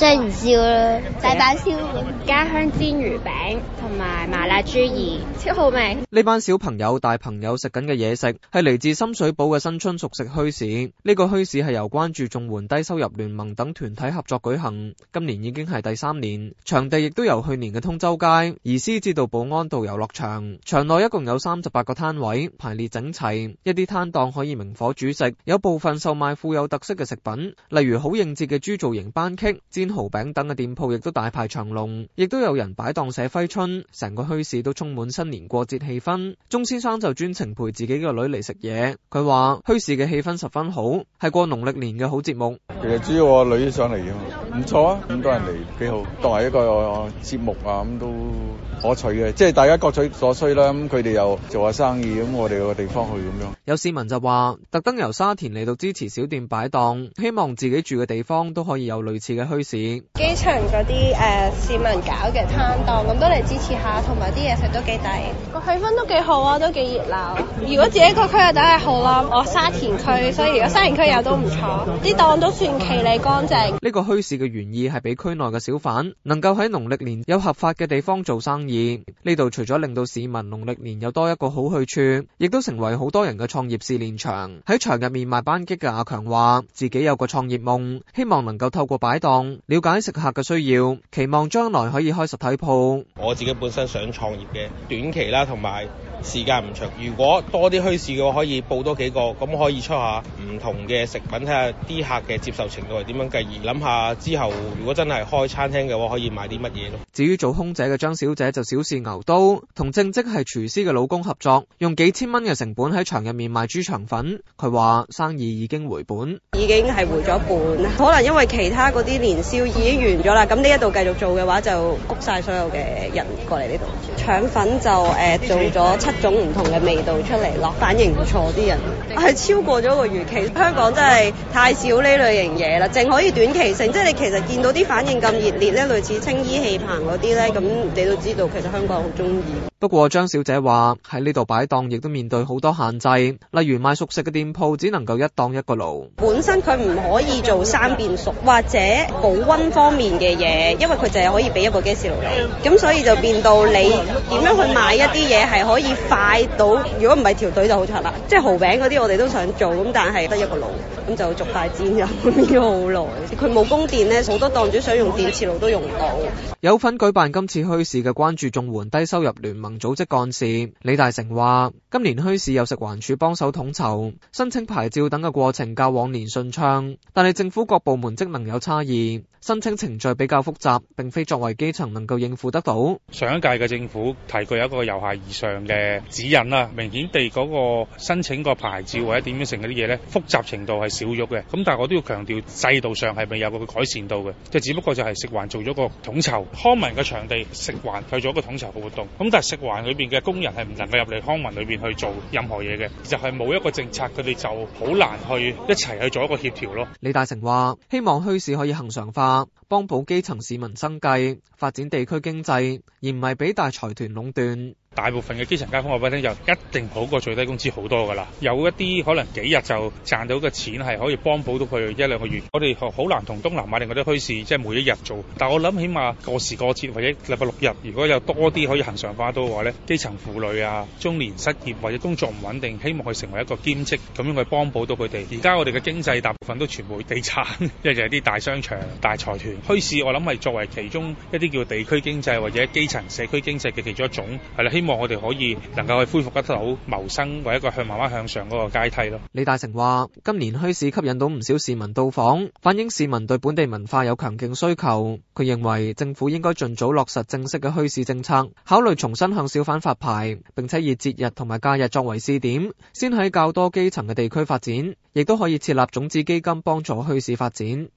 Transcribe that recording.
雖然燒啦，大板燒、家鄉煎魚餅同埋麻辣豬耳，超好味。呢班小朋友、大朋友食緊嘅嘢食係嚟自深水埗嘅新春熟食墟市。呢、這個墟市係由關注綜援低收入聯盟等團體合作舉行，今年已經係第三年。場地亦都由去年嘅通州街移師至到保安道遊樂場。場內一共有三十八個攤位，排列整齊。一啲攤檔可以明火煮食，有部分售賣富有特色嘅食品，例如好應節嘅豬造型班戟、蠔餅等嘅店鋪亦都大排長龍，亦都有人擺檔寫揮春，成個墟市都充滿新年過節氣氛。鍾先生就專程陪自己個女嚟食嘢，佢話墟市嘅氣氛十分好，係過農曆年嘅好節目。其實主要我個女想嚟唔錯啊，咁多人嚟幾好，當係一個節目啊咁都可取嘅，即係大家各取所需啦。咁佢哋又做下生意，咁我哋有個地方去咁樣。有市民就話，特登由沙田嚟到支持小店擺檔，希望自己住嘅地方都可以有類似嘅墟市。機場嗰啲誒市民搞嘅攤檔，咁都嚟支持下，同埋啲嘢食都幾抵，個氣氛都幾好啊，都幾熱鬧。如果自己個區又梗係好啦，我沙田區，所以如果沙田區有都唔錯，啲 檔都算企理乾淨。呢、這個墟市。嘅原意係俾區內嘅小販能夠喺農曆年有合法嘅地方做生意。呢度除咗令到市民農曆年有多一個好去處，亦都成為好多人嘅創業試練場。喺場入面賣班戟嘅阿強話：自己有個創業夢，希望能夠透過擺檔了解食客嘅需要，期望將來可以開實體鋪。我自己本身想創業嘅，短期啦同埋。時間唔長，如果多啲墟市嘅話，可以多報多幾個，咁可以出下唔同嘅食品，睇下啲客嘅接受程度係點樣，繼而諗下之後如果真係開餐廳嘅話，可以賣啲乜嘢咯。至於做空姐嘅張小姐就小試牛刀，同正職係廚師嘅老公合作，用幾千蚊嘅成本喺場入面賣豬腸粉。佢話生意已經回本，已經係回咗半，可能因為其他嗰啲年宵已經完咗啦，咁呢一度繼續做嘅話，就谷晒所有嘅人過嚟呢度。腸粉就誒、呃、 做咗一種唔同嘅味道出嚟咯，反應唔錯，啲人係超過咗個預期。香港真係太少呢類型嘢啦，淨可以短期性。即係你其實見到啲反應咁熱烈咧，類似青衣戲棚嗰啲咧，咁你都知道其實香港好中意。不過張小姐話喺呢度擺檔亦都面對好多限制，例如賣熟食嘅店鋪只能夠一檔一個爐。本身佢唔可以做生變熟或者保溫方面嘅嘢，因為佢淨係可以俾一個 gas 爐嚟。咁所以就變到你點樣去買一啲嘢係可以快到，如果唔係條隊就好長啦。即係蠔餅嗰啲我哋都想做，咁但係得一個爐，咁就逐塊煎又煎咗好耐。佢冇供電呢，好多檔主想用電磁爐都用唔到。有份舉辦今次墟市嘅關注綜援低收入聯盟。組織幹事李大成話，今年墟市有食環處幫手統籌申請牌照等嘅過程，較往年順暢。但係政府各部門職能有差異，申請程序比較複雜，並非作為基層能夠應付得到。上一屆嘅政府提過有一個由下而上嘅指引啦，明顯地嗰個申請個牌照或者點樣成嗰啲嘢呢，複雜程度係少咗嘅。咁但係我都要強調，制度上係未有個改善到嘅，即只不過就係食環做咗個統籌，康文嘅場地食環去做了一個統籌嘅活動。咁但係環裏邊嘅工人係唔能夠入嚟康文裏邊去做任何嘢嘅，就係冇一個政策，佢哋就好難去一齊去做一個協調咯。李大成話，希望墟市可以恆常化，幫補基層市民生計，發展地區經濟，而唔係俾大財團壟斷。大部分嘅基層街坊我話俾你聽，就一定好過最低工資好多噶啦。有一啲可能幾日就賺到嘅錢係可以幫補到佢一兩個月。我哋好難同東南亞定嗰啲墟市，即係每一日做。但我諗起碼過時過節或者禮拜六日，如果有多啲可以恆常化到嘅話呢，基層婦女啊、中年失業或者工作唔穩定，希望佢成為一個兼職，咁樣去幫補到佢哋。而家我哋嘅經濟大部分都全部地產， 一係啲大商場、大財團墟市，我諗係作為其中一啲叫地區經濟或者基層社區經濟嘅其中一種係啦。希望我哋可以能夠去恢復得到謀生，為一個向慢慢向上嗰個階梯咯。李大成話，今年墟市吸引到唔少市民到訪，反映市民對本地文化有強勁需求。佢認為政府應該盡早落實正式嘅墟市政策，考慮重新向小販發牌，並且以節日同埋假日作為試點，先喺較多基層嘅地區發展，亦都可以設立種子基金幫助墟市發展。